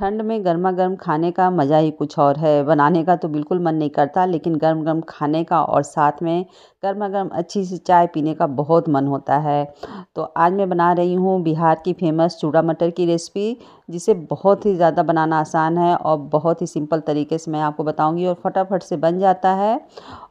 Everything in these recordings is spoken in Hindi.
ठंड में गर्मा गर्म खाने का मज़ा ही कुछ और है बनाने का तो बिल्कुल मन नहीं करता लेकिन गर्म गर्म खाने का और साथ में गर्मा गर्म अच्छी सी चाय पीने का बहुत मन होता है तो आज मैं बना रही हूँ बिहार की फेमस चूड़ा मटर की रेसिपी जिसे बहुत ही ज़्यादा बनाना आसान है और बहुत ही सिंपल तरीके से मैं आपको बताऊँगी और फटाफट से बन जाता है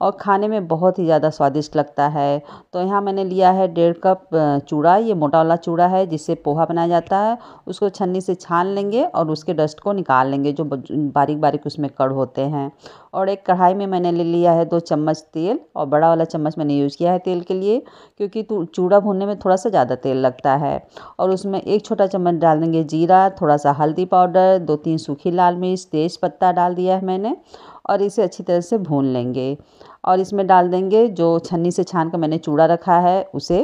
और खाने में बहुत ही ज़्यादा स्वादिष्ट लगता है तो यहाँ मैंने लिया है डेढ़ कप चूड़ा ये मोटा वाला चूड़ा है जिससे पोहा बनाया जाता है उसको छन्नी से छान लेंगे और उसके डस्ट को निकाल लेंगे जो बारीक बारीक उसमें कड़ होते हैं और एक कढ़ाई में मैंने ले लिया है दो चम्मच तेल और बड़ा वाला चम्मच मैंने यूज़ किया है तेल के लिए क्योंकि चूड़ा भूनने में थोड़ा सा ज़्यादा तेल लगता है और उसमें एक छोटा चम्मच डाल देंगे जीरा थोड़ा थोड़ा सा हल्दी पाउडर दो तीन सूखी लाल मिर्च तेज़ पत्ता डाल दिया है मैंने और इसे अच्छी तरह से भून लेंगे और इसमें डाल देंगे जो छन्नी से छान कर मैंने चूड़ा रखा है उसे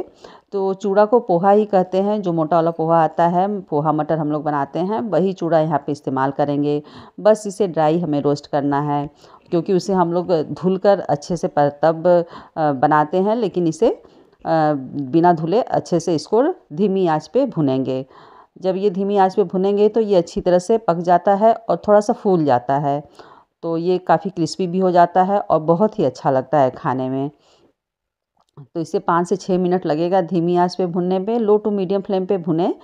तो चूड़ा को पोहा ही कहते हैं जो मोटा वाला पोहा आता है पोहा मटर हम लोग बनाते हैं वही चूड़ा यहाँ पे इस्तेमाल करेंगे बस इसे ड्राई हमें रोस्ट करना है क्योंकि उसे हम लोग धुल कर अच्छे से तब बनाते हैं लेकिन इसे बिना धुले अच्छे से इसको धीमी आँच पर भुनेंगे जब ये धीमी आंच पे भुनेंगे तो ये अच्छी तरह से पक जाता है और थोड़ा सा फूल जाता है तो ये काफ़ी क्रिस्पी भी हो जाता है और बहुत ही अच्छा लगता है खाने में तो इसे पाँच से छः मिनट लगेगा धीमी आंच पे भुनने पे लो टू मीडियम फ्लेम पे भुने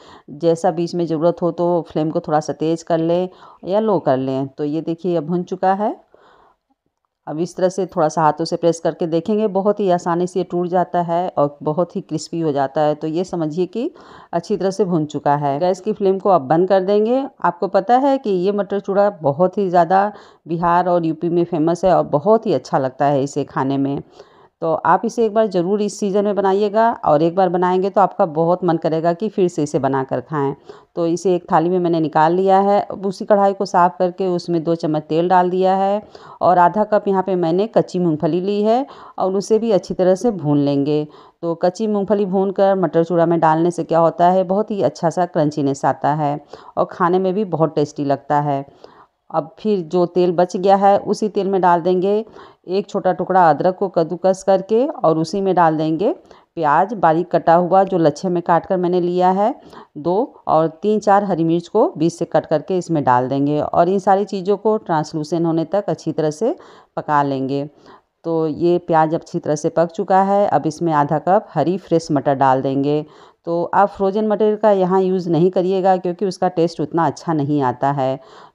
जैसा बीच में ज़रूरत हो तो फ्लेम को थोड़ा सा तेज़ कर लें या लो कर लें तो ये देखिए अब भुन चुका है अब इस तरह से थोड़ा सा हाथों से प्रेस करके देखेंगे बहुत ही आसानी से ये टूट जाता है और बहुत ही क्रिस्पी हो जाता है तो ये समझिए कि अच्छी तरह से भुन चुका है गैस की फ्लेम को आप बंद कर देंगे आपको पता है कि ये मटर चूड़ा बहुत ही ज़्यादा बिहार और यूपी में फेमस है और बहुत ही अच्छा लगता है इसे खाने में तो आप इसे एक बार ज़रूर इस सीज़न में बनाइएगा और एक बार बनाएंगे तो आपका बहुत मन करेगा कि फिर से इसे बना कर खाएँ तो इसे एक थाली में मैंने निकाल लिया है अब उसी कढ़ाई को साफ़ करके उसमें दो चम्मच तेल डाल दिया है और आधा कप यहाँ पे मैंने कच्ची मूँगफली ली है और उसे भी अच्छी तरह से भून लेंगे तो कच्ची मूँगफली भून कर मटर चूड़ा में डालने से क्या होता है बहुत ही अच्छा सा क्रंचीनेस आता है और खाने में भी बहुत टेस्टी लगता है अब फिर जो तेल बच गया है उसी तेल में डाल देंगे एक छोटा टुकड़ा अदरक को कद्दूकस करके और उसी में डाल देंगे प्याज बारीक कटा हुआ जो लच्छे में काट कर मैंने लिया है दो और तीन चार हरी मिर्च को बीच से कट करके इसमें डाल देंगे और इन सारी चीज़ों को ट्रांसलूसेंट होने तक अच्छी तरह से पका लेंगे तो ये प्याज अच्छी तरह से पक चुका है अब इसमें आधा कप हरी फ्रेश मटर डाल देंगे तो आप फ़्रोज़न मटर का यहाँ यूज़ नहीं करिएगा क्योंकि उसका टेस्ट उतना अच्छा नहीं आता है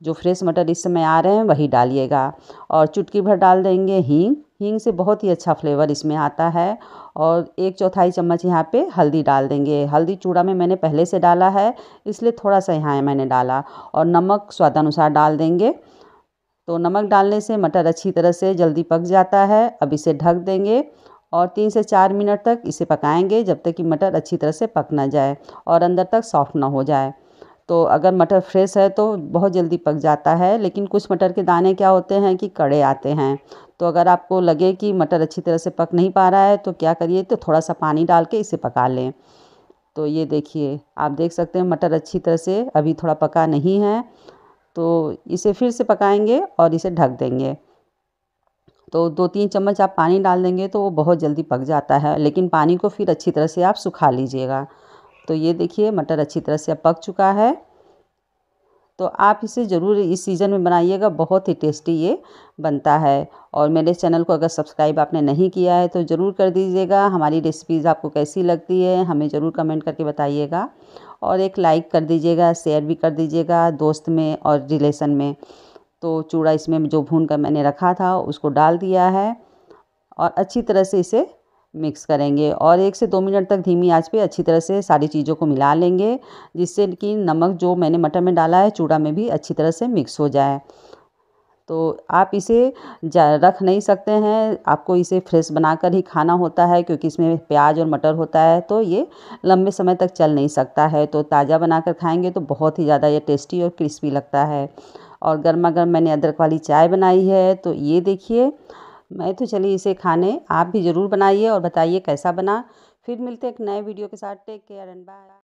जो फ्रेश मटर इस समय आ रहे हैं वही डालिएगा और चुटकी भर डाल देंगे हींग हींग से बहुत ही अच्छा फ्लेवर इसमें आता है और एक चौथाई चम्मच यहाँ पे हल्दी डाल देंगे हल्दी चूड़ा में मैंने पहले से डाला है इसलिए थोड़ा सा यहाँ मैंने डाला और नमक स्वादानुसार डाल देंगे तो नमक डालने से मटर अच्छी तरह से जल्दी पक जाता है अब इसे ढक देंगे और तीन से चार मिनट तक इसे पकाएंगे जब तक कि मटर अच्छी तरह से पक ना जाए और अंदर तक सॉफ्ट ना हो जाए तो अगर मटर फ्रेश है तो बहुत जल्दी पक जाता है लेकिन कुछ मटर के दाने क्या होते हैं कि कड़े आते हैं तो अगर आपको लगे कि मटर अच्छी तरह से पक नहीं पा रहा है तो क्या करिए तो थोड़ा सा पानी डाल के इसे पका लें तो ये देखिए आप देख सकते हैं मटर अच्छी तरह से अभी थोड़ा पका नहीं है तो इसे फिर से पकाएंगे और इसे ढक देंगे तो दो तीन चम्मच आप पानी डाल देंगे तो वो बहुत जल्दी पक जाता है लेकिन पानी को फिर अच्छी तरह से आप सुखा लीजिएगा तो ये देखिए मटर अच्छी तरह से पक चुका है तो आप इसे ज़रूर इस सीज़न में बनाइएगा बहुत ही टेस्टी ये बनता है और मेरे चैनल को अगर सब्सक्राइब आपने नहीं किया है तो ज़रूर कर दीजिएगा हमारी रेसिपीज़ आपको कैसी लगती है हमें ज़रूर कमेंट करके बताइएगा और एक लाइक कर दीजिएगा शेयर भी कर दीजिएगा दोस्त में और रिलेशन में तो चूड़ा इसमें जो भून कर मैंने रखा था उसको डाल दिया है और अच्छी तरह से इसे मिक्स करेंगे और एक से दो मिनट तक धीमी आंच पे अच्छी तरह से सारी चीज़ों को मिला लेंगे जिससे कि नमक जो मैंने मटर में डाला है चूड़ा में भी अच्छी तरह से मिक्स हो जाए तो आप इसे रख नहीं सकते हैं आपको इसे फ्रेश बनाकर ही खाना होता है क्योंकि इसमें प्याज और मटर होता है तो ये लंबे समय तक चल नहीं सकता है तो ताज़ा बनाकर खाएंगे तो बहुत ही ज़्यादा ये टेस्टी और क्रिस्पी लगता है और गर्मा गर्म मैंने अदरक वाली चाय बनाई है तो ये देखिए मैं तो चली इसे खाने आप भी ज़रूर बनाइए और बताइए कैसा बना फिर मिलते एक नए वीडियो के साथ टेक केयर एंड बाय